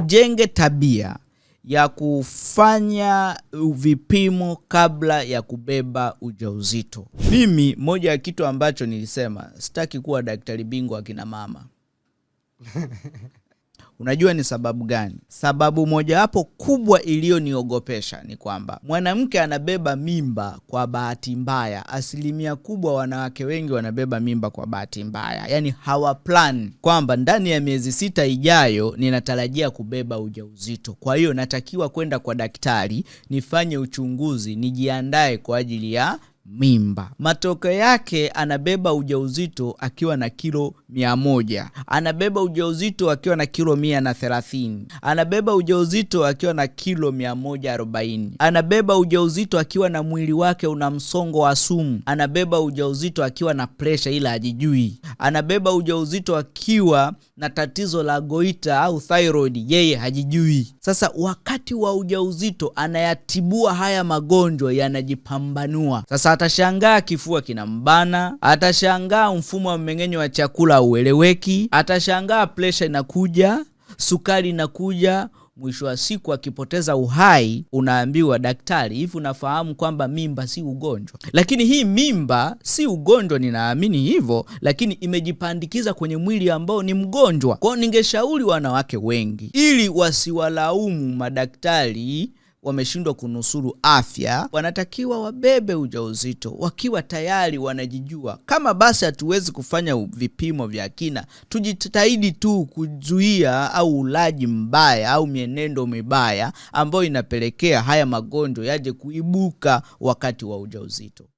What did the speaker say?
tujenge tabia ya kufanya vipimo kabla ya kubeba ujauzito. Mimi moja ya kitu ambacho nilisema sitaki kuwa daktari bingwa akina mama Unajua ni sababu gani? Sababu mojawapo kubwa iliyoniogopesha ni kwamba mwanamke anabeba mimba kwa bahati mbaya. Asilimia kubwa wanawake wengi wanabeba mimba kwa bahati mbaya, yaani hawaplan kwamba ndani ya miezi sita ijayo ninatarajia kubeba ujauzito, kwa hiyo natakiwa kwenda kwa daktari nifanye uchunguzi, nijiandae kwa ajili ya mimba. Matokeo yake anabeba ujauzito akiwa na kilo mia moja, anabeba ujauzito akiwa na kilo mia na thelathini, anabeba ujauzito akiwa na kilo mia moja arobaini, anabeba ujauzito akiwa na mwili wake una msongo wa sumu, anabeba ujauzito akiwa na presha ila ajijui, anabeba ujauzito akiwa na tatizo la goita au thyroid, yeye hajijui. Sasa wakati wa ujauzito anayatibua haya magonjwa, yanajipambanua sasa atashangaa kifua kinambana, atashangaa mfumo wa mmeng'enyo wa chakula haueleweki, atashangaa presha inakuja, sukari inakuja. Mwisho wa siku akipoteza uhai, unaambiwa daktari, hivi unafahamu kwamba mimba si ugonjwa? Lakini hii mimba si ugonjwa, ninaamini hivyo, lakini imejipandikiza kwenye mwili ambao ni mgonjwa. Kwao ningeshauri wanawake wengi, ili wasiwalaumu madaktari wameshindwa kunusuru afya, wanatakiwa wabebe ujauzito wakiwa tayari wanajijua. Kama basi hatuwezi kufanya vipimo vya kina, tujitahidi tu kuzuia au ulaji mbaya au mienendo mibaya ambayo inapelekea haya magonjwa yaje kuibuka wakati wa ujauzito.